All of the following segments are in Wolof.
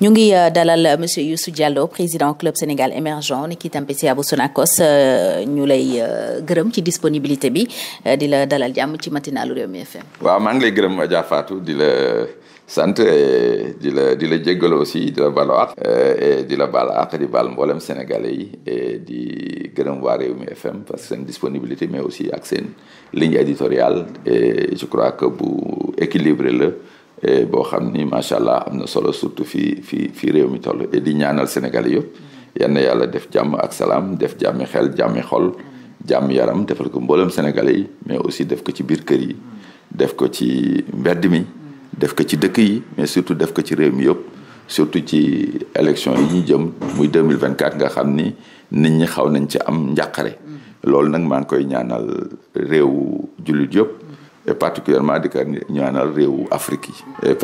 ñu ngi euh, dalal euh, monsieur Youssou Diallo président club Sénégal émergent ni ki Tampésia bu Sonacos euh, ñu lay gërëm ci disponibilité bi di la dalal jàmm ci matinalu Rewmi FM. waaw maa ngi lay gërëm Adja di la sant di la di la jéggal aussi di la baalu àq di la baal àq di baal mboolem sénégalais yi et di gërëm waa Rewmi FM parce que seen disponibilité mais aussi ak seen ligne éditoriale et je crois que bu équilibré la. Eh, boo xam ni macha allah am na solo surtout fii fii fii réew mi toll et eh, di ñaanal Sénégal yëpp mm. yal na yàlla def jàmm ak salaam def jàmmi xel jàmmi xol mm. jàmm yaram defal ko mboolem Sénégalais yi mais aussi def ko ci biir kër yi mm. def ko ci mbedd mi def ko ci dëkk yi mais surtout def ko ci réew mi yëpp surtout ci élection yi ñu jëm muy 2024 nga xam ni nit ñi xaw nañ ci am njàqare loolu nag maa ngi koy ñaanal réew jullit yëpp et particulièrement di ko ñaanal réewu Afrique yi. et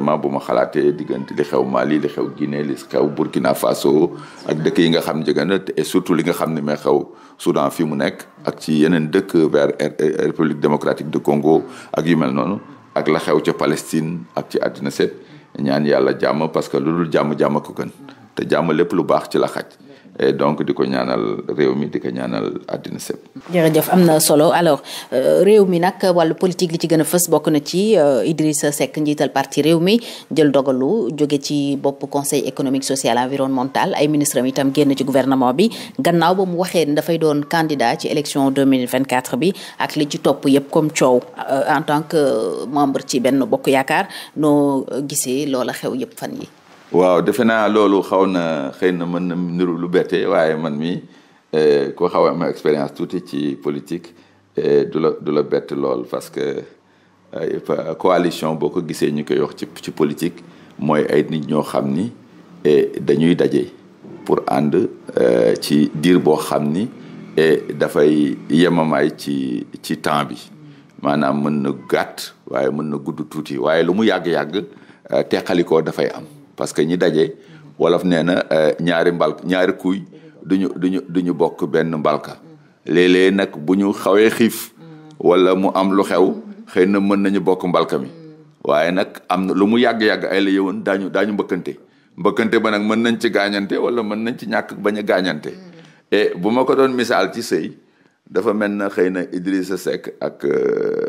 ma xalaatee diggante li xew Mali li xew Guinée li xew Burkina Faso ak dëkk yi nga xam jege na et surtout li nga xam ne may xew Soudan fi mu nekk ak ci yeneen dëkk vers République démocratique de Congo ak yu mel noonu ak la xew ca Palestine ak ci àddina set ñaan yàlla jàmm parce que lu dul jàmm jàmm ko gën te jàmm lépp lu baax ci la xaj. donc di ko ñaanal réew mi di ko ñaanal àddina sépp jërëjëf am na solo alors euh, réew mi nag wàllu politique li ci gën a fës bokk na ci euh, Idrissa sekk njiital parti réew mi jël dogalu jóge ci bopp conseil économique social environnemental ay ministre am itam génn ci gouvernement bi gannaaw ba mu waxee ne dafay doon candidat ci élection 2024 bi ak li ci topp yëpp comme coow euh, en tant que membre ci benn bokk yaakaar noo gisee loola xew yëpp fan yi waaw defe naa loolu xaw na xëy na mën na niru lu bette waaye man mi eh, ko xaw a am expérience tuuti ci politique eh, du la du la bett lool parce que eh, coalition boo ko gisee ñu koy wax ci ci politique mooy ay nit ñoo xam ni dañuy daje pour ànd ci diir boo xam ni dafay yemamaay ci ci temps bi maanaam mën na gàtt waaye mën na gudd tuuti waaye lu mu yàgg-yàgg teqalikoo dafay am parce que ñi daje wolof nee na euh, ñaari mbal ñaari kuy duñu duñu duñu bokk benn mbalka léeg nag bu ñu xawee xiif wala mu am lu xew xëy na mën nañu bokk mbalka mi waaye nag am na lu mu yàgg-yàgg ay la yëwoon daañu daañu mbëkkante mbëkkante ba nag mën nañ ci gaañante wala mën nañ ci ñàkk bañ a gaañante et bu ma ko doon misaal ci sëy dafa mel na xëy na Idrissa Seck ak euh,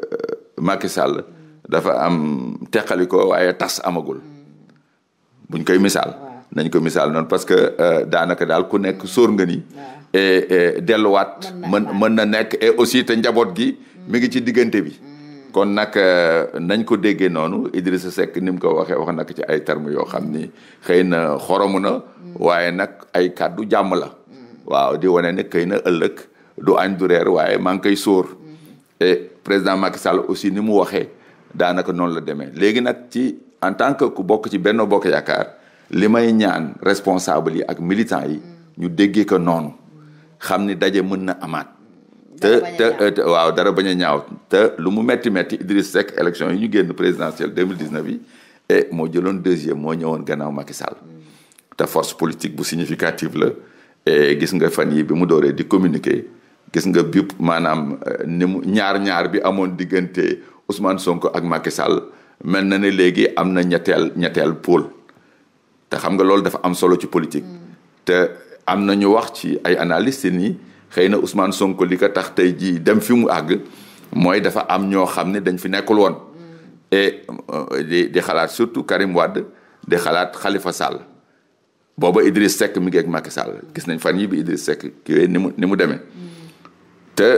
Macky Sall dafa am teqali ko waaye tas amagul buñ koy misaal. nañ ko misaal noonu parce que euh, daanaka daal ku nekk sóor nga ni. et delluwaat. mën mën na nekk et aussi te njaboot gi. Mm. mi ngi ci diggante bi. Mm. kon nag euh, nañ ko déggee noonu Idrissa Seck ni mu ko waxee wax nag ci ay termes yoo xam ni xëy na xoromu na mm. waaye nag ay kàddu jàmm la waaw di wane ne xëy na ëllëg du añ du reer waaye maa ngi koy sóor et président Macky Sall aussi ni mu waxee daanaka noonu la demee léegi nag ci en tant que ku bokk ci benn Bokk Yaakaar li may ñaan responsable yi ak militants yi ñu déggee ko noonu xam ni daje mën na amaat te te waaw dara bañu ñaaw te lu mu metti metti Idriss Seck élection yi ñu génn présidentielle 2019 yi et eh, moo jëloon deuxième moo ñëwoon gannaaw Macky Sall te force politique bu significative la et eh, gis nga fan yi bi mu dooree di communique gis nga bépp maanaam eh, ni mu ñaar ñaar bi amoon diggante Ousmane sonk ak Macky mel na ne léegi am na ñetteel ñetteel pôle te xam nga loolu dafa am solo ci politique. Mm. te am na ñu wax ci ay analystes nii xëy na Ousmane Sonko li ko tax tey jii dem fi mu àgg mooy dafa am ñoo xam ne dañ fi nekkul woon. Mm. Euh, di di xalaat surtout Karim Wade di xalaat xalifa Sall. booba Idriss Seck mi ngi ak Macky Sall gis nañ fan yi bi Idriss Seck kiwee ni mu ni mu demee mm. te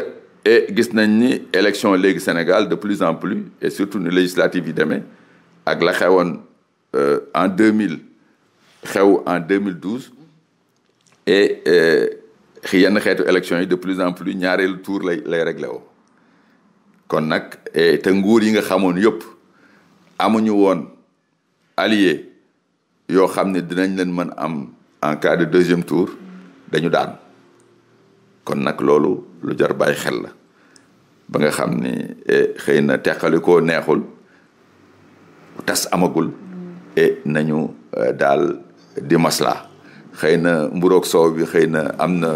et gis nañ ni élection léegi Sénégal de plus en plus et surtout ni législative yi demee ak la xewoon euh, en mille xew en 2012 et euh, yenn xeetu élection yi de plus en plus ñaareelu tour lay lay réglé woo kon nag eh, te nguur yi nga xamoon yëpp amuñu woon allié yoo xam ne dinañ leen mën am en cas de deuxième tour dañu daan kon nag loolu lu jar bàyyi xel la ba nga xam ni eh, xëy na teqalikoo neexul tas amagul e nañu eh, daal di masla xëy na mburoog soow bi xëy na am na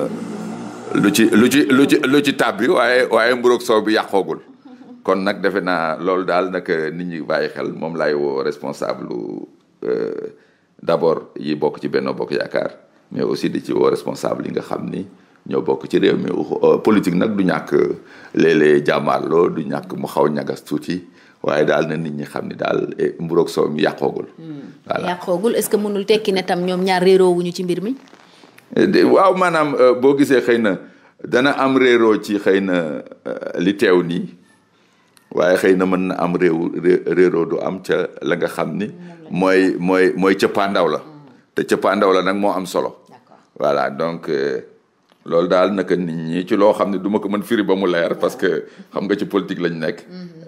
lu ci lu ci lu ci lu ci tab waaye waaye mburoog soow bi yàqoogul kon nag defe naa loolu daal nag nit ñi bàyyi xel moom lay woo responsable d'abord yi bokk ci Benno Bokk Yaakaar mais aussi di ci woo responsable yi nga xam ni ñoo bokk ci réew mi euh, politique nag du ñàkk euh, léeg-léeg jàmmaarloo du ñàkk mu xaw ñagas tuuti waaye daal na nit ñi xam ne daal eh, mburoog soow mi yàqoogul. Hmm. voilà yàqoogul est-ce que mënul tekki ne tam ñoom ñaar réeroowuñu ci mbir mi. Eh, waaw maanaam euh, boo gisee xëy na dana am réeroo ci xëy na li teew nii waaye xëy na mën na am réew réeroo du am ca la nga xam ni mooy mooy mooy cëppaandaw la hmm. te cëppaandaw la nag moo am solo. voilà donc. loolu daal naka nit ñi ci loo xam ne duma ko mën firi ba mu leer parce que xam nga ci politique lañ nekk.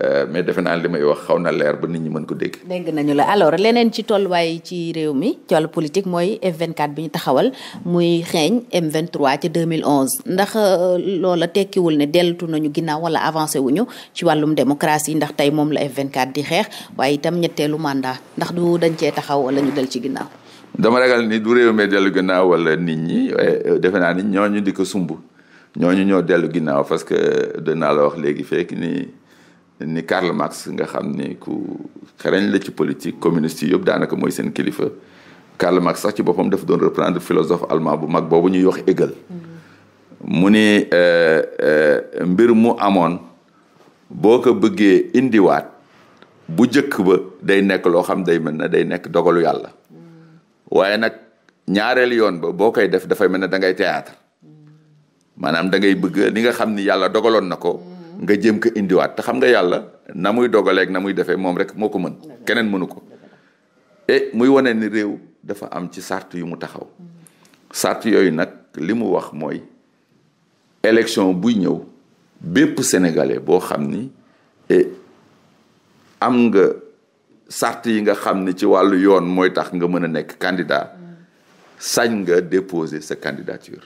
Euh, mais defe naa li may wax xaw na leer ba nit ñi mën ko dégg. dégg nañu la alors leneen ci tolluwaay ci réew mi ci wàllu politique mooy F24 bi ñu taxawal muy xeeñ M23 ci 2011 ndax euh, loola tekkiwul ne deltu nañu ginnaaw wala avancé wuñu ci wàllum démocratie ndax tey moom la F24 di xeex waaye itam ñetteelu mandat ndax du dañ cee taxaw wala ñu del ci ginnaaw. dama ragal ni du réew mi dellu ginnaaw wala nit ñi euh, defe naa ni ñooñu di ko sumb ñooñu ñoo dellu ginnaaw parce que euh, danaa la wax léegi fekk ni ni Karl Marx nga xam ni ku xereñ la ci politique communiste yi yëpp daanaka mooy seen kilifa Karl Marx sax ci boppam daf doon reprendre philosophe allemand bu mag boobu ñuy wax Hegel mm-hmm. mu ni euh, mbir mu amoon boo ko bëggee indiwaat bu jëkk ba day nekk loo xam day mën na day nekk dogalu yàlla waaye nag ñaareelu yoon ba boo koy def dafay mel ne da ngay théâtre maanaam da ngay bëgg li nga xam ni yàlla dogaloon na ko nga jëm ko indiwaat te xam nga yàlla na muy dogaleek na muy defee moom rek moo ko mën keneen mënu ko et muy wane ni réew dafa am ci sart yu mu taxaw sart yooyu nag li mu wax mooy élection buy ñëw bépp sénégalais boo xam ni eh, am nga sart yi nga xam ni ci wàllu yoon mooy tax nga mën a nekk candidat sañ nga déposer sa candidature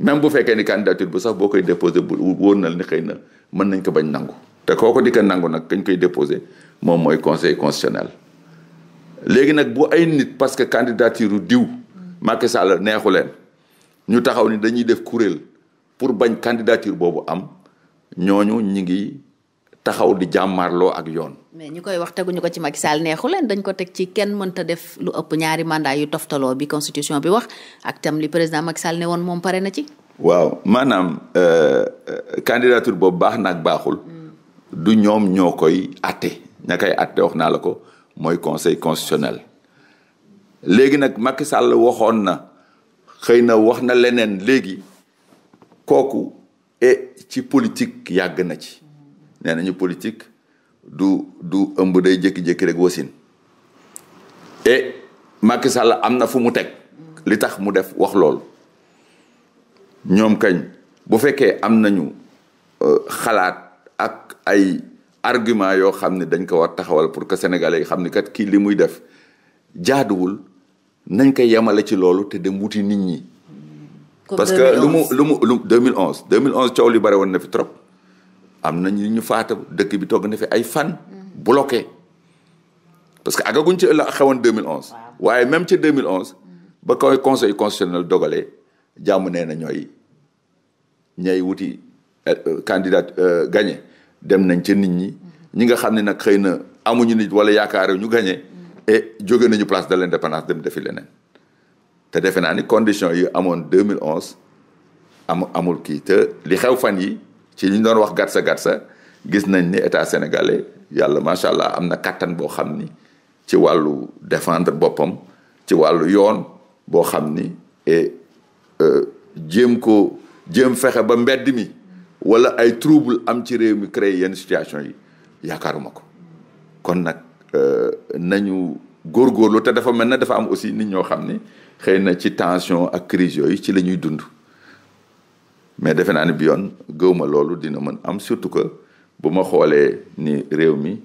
même bu fekkee ni candidature bu sax boo koy déposer bu wóor na ni xëy na mën nañ ko bañ nangu te kooku di ko nangu nag kañ koy déposer moom mooy conseil constitutionnel léegi nag bu ay nit parce que candidature diw Macky Sall neexu leen ñu taxaw ni dañuy def kuréel pour bañ candidature boobu am ñooñu ñi ngi taxaw di jàmmaarloo ak yoon. mais ñi koy wax teguñu ko ci Macky Sall neexu dañ ko teg ci kenn mënta def lu ëpp ñaari mandat yu toftaloo bi constitution bi wax ak tam li président Macky Sall ne woon moom pare na ci. waaw maanaam euh, euh, candidature boobu baax nag baaxul. Mm. du ñoom ñoo koy atte ña koy wax naa la ko mooy conseil constitutionnel. léegi nag Macky Sall waxoon na xëy na wax na leneen léegi kooku et eh, ci politique yàgg na ci. nee nañu politique du du ëmb day jékki-jékki rek wasin et Macky Sall am na fu mu teg li tax mu def wax loolu ñoom kañ bu fekkee am nañu euh, xalaat ak ay argument yoo xam ne dañ ko war taxawal pour que sénégalais yi xam ni kat kii li muy def jaaduwul nañ ko yemale ci loolu te dem wuti nit ñi. parce que lu mu lu mu lu 2011 2011 coow li bare woon na fi trop. am na ñu ñu faata dëkk bi togg na fi ay fan. bloqué parce que agaguñ ci la xewoon 2011. waaye même ci 2011. ba koy conseil constitutionnel dogale jàmm nee na ñooy ñay wuti euh, euh, candidat euh, gagné dem nañ ci nit ñi. ñi nga xam ne nag xëy na amuñu nit wala yaakaar ñu gagné. Mm. et jóge nañu place de l' indépendance dem defi leneen. te defe naa ni conditions yi amoon 2011 am amul kii te li xew fan yi ci li ñu doon wax gatsa gatsa gis nañ ni état sénégalais yàlla macha allah am na kattan boo xam ni ci wàllu defendre boppam ci wàllu yoon boo xam ni e jéem ko jéem fexe ba mbedd mi wala ay trouble am ci réew mi créé yenn situation yi yaakaaruma ko kon nag euh, nañu góor góorlu te dafa mel ne dafa am aussi nit ñoo xam ni xëy na ci tension ak crise yooyu ci la ñuy dund mais defe naa ne bi yoon gëwma loolu dina mën am surtout que bu ma xoolee ni réew mi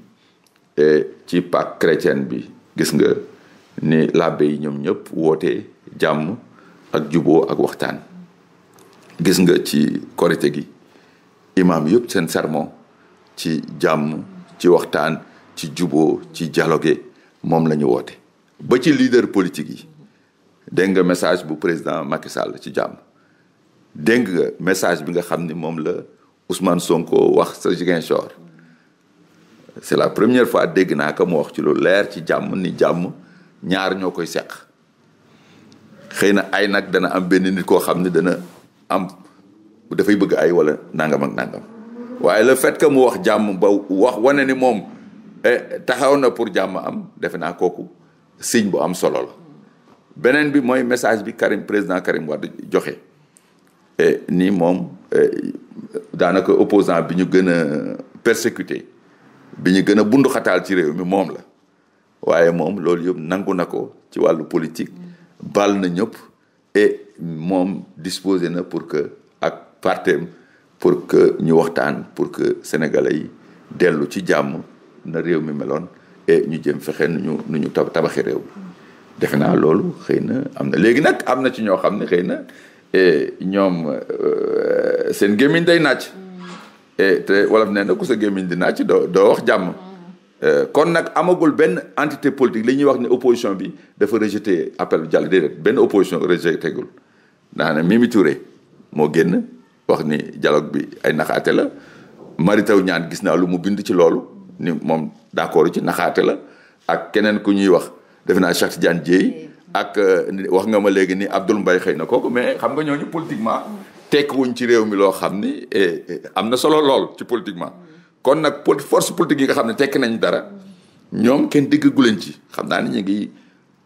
ci Pâques chrétienne bi gis nga ni l'abbé yi ñoom ñëpp wootee jàmm ak jubo ak waxtaan gis nga ci korite gi imaam yëpp seen sermon ci jàmm ci waxtaan ci jubo ci dialogue moom la ñu woote ba ci leader politique yi dégg nga message bu président Macky Sall ci jàmm dégg nga message bi nga xam ni moom la Ousmane Sonko wax sa Ziguinchor c'est la première fois dégg naa ko mu wax ci lu leer ci jàmm ni jàmm ñaar ñoo koy seq xëy na ay nag dana am benn nit koo xam ne dana am dafay bëgg ay wala nangam ak nangam waaye le fait que mu wax jàmm ba wax wane ni moom eh, taxaw na pour jàmm am defe naa kooku signe bu am solo la beneen bi mooy message bi Karim président Karim Wade joxe nii moom daanaka opposant bi ñu gën a persécuté bi ñu gën a bunduxataal ci réew mi moom la waaye moom loolu yëpp nangu na ko ci wàllu politique bal na ñëpp et moom disposé na pour que ak partem pour que ñu waxtaan pour que sénégalais yi dellu ci jàmm na réew mi meloon et ñu jëm fexe nu ñu nu tabaxi réew mi defe naa loolu xëy na am na léegi nag am na ci ñoo xam ne xëy na Eh, ñoom eh, seen gémmiñ day naaj. Mm. Eh, te wolof nee na ku sa gémmiñ di naaj doo wax jàmm. Mm. kon nag amagul benn entité politique li ñuy wax ni opposition bi dafa rejeté appel bu jàll déedéet benn opposition rejeté gul daanaka Mimi Touré moo génn wax ni dialogue bi ay naxaate la Mary Teuw Niane gis naa lu mu bind ci loolu ni moom d'accord ci naxaate la ak keneen ku ñuy wax def naa Cheikh Tidiane Dièye ak euh, wax nga ma léegi ni Abdoul Mbaye xëy na kooku mais xam nga ñooñu politiquement tekkiwuñ ci réew mi loo xam ni eh, eh, am na solo lool ci politiquement kon nag force politique yi nga xam ne tekki nañ dara ñoom kenn déggagu leen ci xam naa ni ñu ngi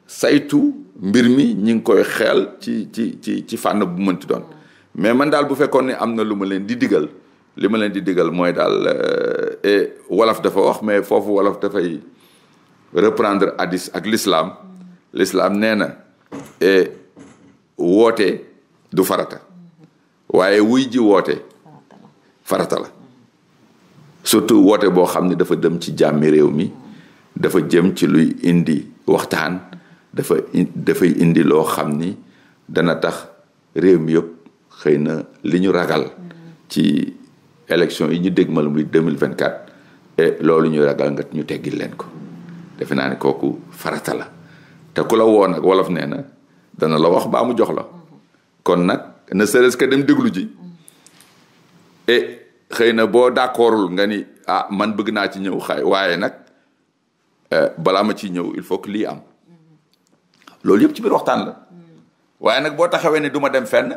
saytu mbir mi ñu ngi koy xeel ci ci ci ci fànn bu mënti doon mais man daal bu fekkoon ne am na lu ma leen di digal li ma leen di digal mooy daal euh, eh, wolof dafa wax mais foofu wolof dafay reprendre hadis ak lislaam lislaam nee na e, woote du farata waaye wuy ji woote farata la surtout woote boo xam ne dafa dem ci jàmmi réew mi dafa jëm ci luy indi waxtaan dafa dafay indi loo xam ni dana tax réew mi yëpp xëy na li ñu ragal ci élection yi ñu dégmal muy 2024 et loolu ñu ragal nga ñu teggil leen ko defe naa ne kooku farata la te ku la woo nag wolof nee na dana la wax baa mu jox la kon nag ne serait-ce dem déglu ji et xëy na boo d'accordul nga ni a ah, man bëgg naa ci ñëw waaye nag e, balaa ma ciy ñëw il faut que lii am loolu yëpp ci biir waxtaan la waaye nag boo taxawee ne duma dem fenn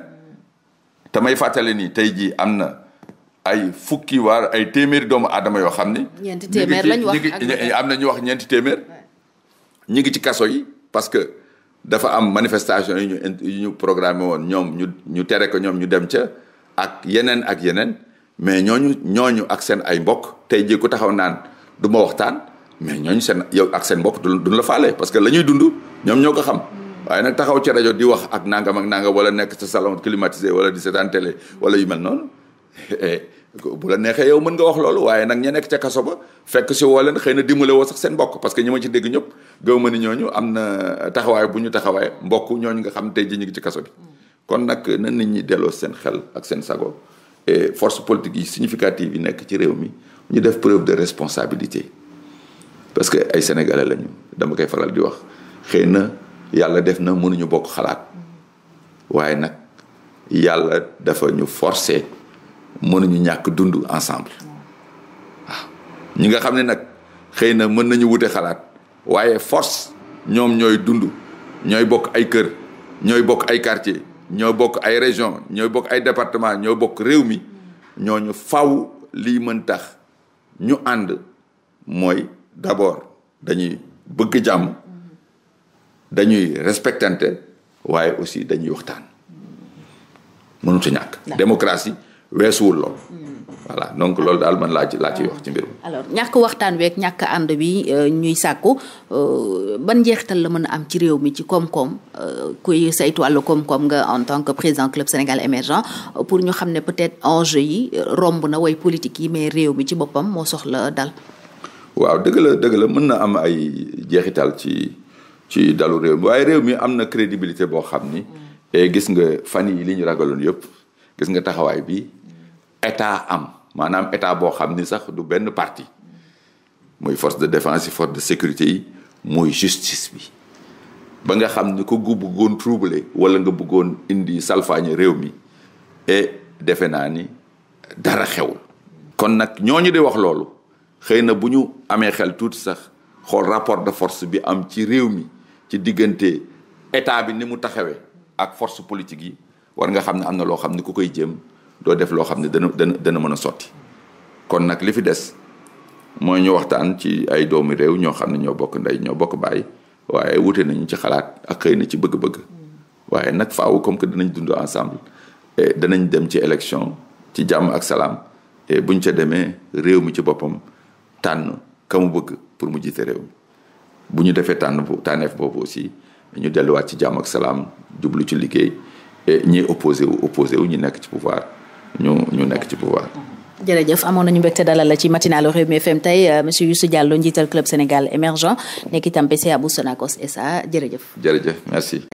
te may fàttale nii tey jii am na ay fukki waar ay téeméeri doomu aadama yoo xam ne ñeenti téeméer am na ñu wax ñeenti téeméer ñi ngi ci kaso yi parce que dafa am manifestation yu ñu yu ñu programmé woon ñoom ñu ñu tere ko ñoom ñu dem ca ak yeneen ak yeneen mais ñooñu ñooñu ak seen ay mbokk tey jii ku taxaw naan du ma waxtaan mais ñooñu seen yow ak seen mbokk duñ la faale parce que la ñuy dund ñoom ñoo ko xam. waaye nag taxaw ci rajo di wax ak nangam ak nanga wala nekk sa salon climatisé wala di seetaan télé wala yu mel noonu. Eh, eh, bu la neexee yow mën nga wax loolu waaye nag ña nekk ca kaso ba fekk si woo leen xëy na dimbale woo sax seen mbokk parce que ñi ma ci dégg ñëpp gaw ma ni ñooñu am na taxawaay bu ñu taxawaay mbokk ñooñu nga xam tey ji ngi ci kaso bi kon nag na nit ñi delloo seen xel ak seen sago et force politique yi significative yi nekk ci réew mi ñu def preuve de responsabilité parce que ay sénégalais lañu dama koy faral di wax xëy na yàlla def na mënuñu bokk xalaat waaye nag yàlla dafa ñu forcer mënuñu ñàkk dund ensemble waaw ñi nga xam ne nag xëy na mën nañu wute xalaat waaye force ñoom ñooy dund ñooy bokk ay kër ñooy bokk ay quartier ñooy bokk ay région ñooy bokk ay département ñooy bokk réew mi ñooñu faw lii mën tax ñu ànd mooy d'abord dañuy bëgg jàmm dañuy respectante waaye aussi dañuy waxtaan mënut a ñàkk démocratie weesuwul lool. voilà donc loolu daal man laa ci laa ciy wax ci mbir mi. ñàkk waxtaan week ñàkk ànd bi euh, ñuy sàkku euh, ban njeextal la mën a am ci réew mi ci koom-koom euh, kuy saytu wàllu koom-koom nga en tant que président club Sénégal émergent pour ñu xam ne peut-être enjeu yi romb na way politique yi mais réew mi ci boppam moo soxla dal. waaw dëgg la dëgg la mën na am ay jeexital ci ci dalu réew mi waaye réew mi am na crédibilité boo xam ni. Mm. et gis nga fan li ñu ragaloon yëpp gis nga taxawaay bi. état am maanaam état boo xam ni sax du benn parti muy force de défence yi force de sécurité yi muy justice bi ba nga xam ni ko gu bëggoon troubler wala nga bëggoon indi salfaañe réew mi eh, defe naa ni dara xewul kon nag ñooñu di wax loolu xëy na bu ñu amee xel tuuti sax xool rapport de force bi am ci réew mi ci diggante état bi ni mu taxawee ak force politique yi war nga xam ne am na loo xam ni ku koy jëm doo def loo xam ne dana dana dana mën a sotti kon nag li fi des mooy ñu waxtaan ci ay doomi réew ñoo xam ne ñoo bokk ndey ñoo bokk baay waaye wute nañu ci xalaat ak xëy na ci bëgg-bëgg waaye nag faaw comme que danañ dund ensemble et danañ dem ci élection ci jàmm ak salaam et buñ ca demee réew mi ci boppam tànn kamu bëgg pour mu jiite réew mi bu ñu defee tànn tànneef boobu aussi ñu delluwaat ci jàmm ak salaam jublu ci liggéey et ñi opposé wu opposé wu ñu nekk ci pouvoir ñu ñu nekk ci pouvoir. jërëjëf amoon nañu mbégte dalal la ci matinalu Rewmi FM tey euh, monsieur Youssou Diallo njiital club Sénégal émergent nekk itam PCA bu Sonacos SA jërëjëf. jërëjëf merci.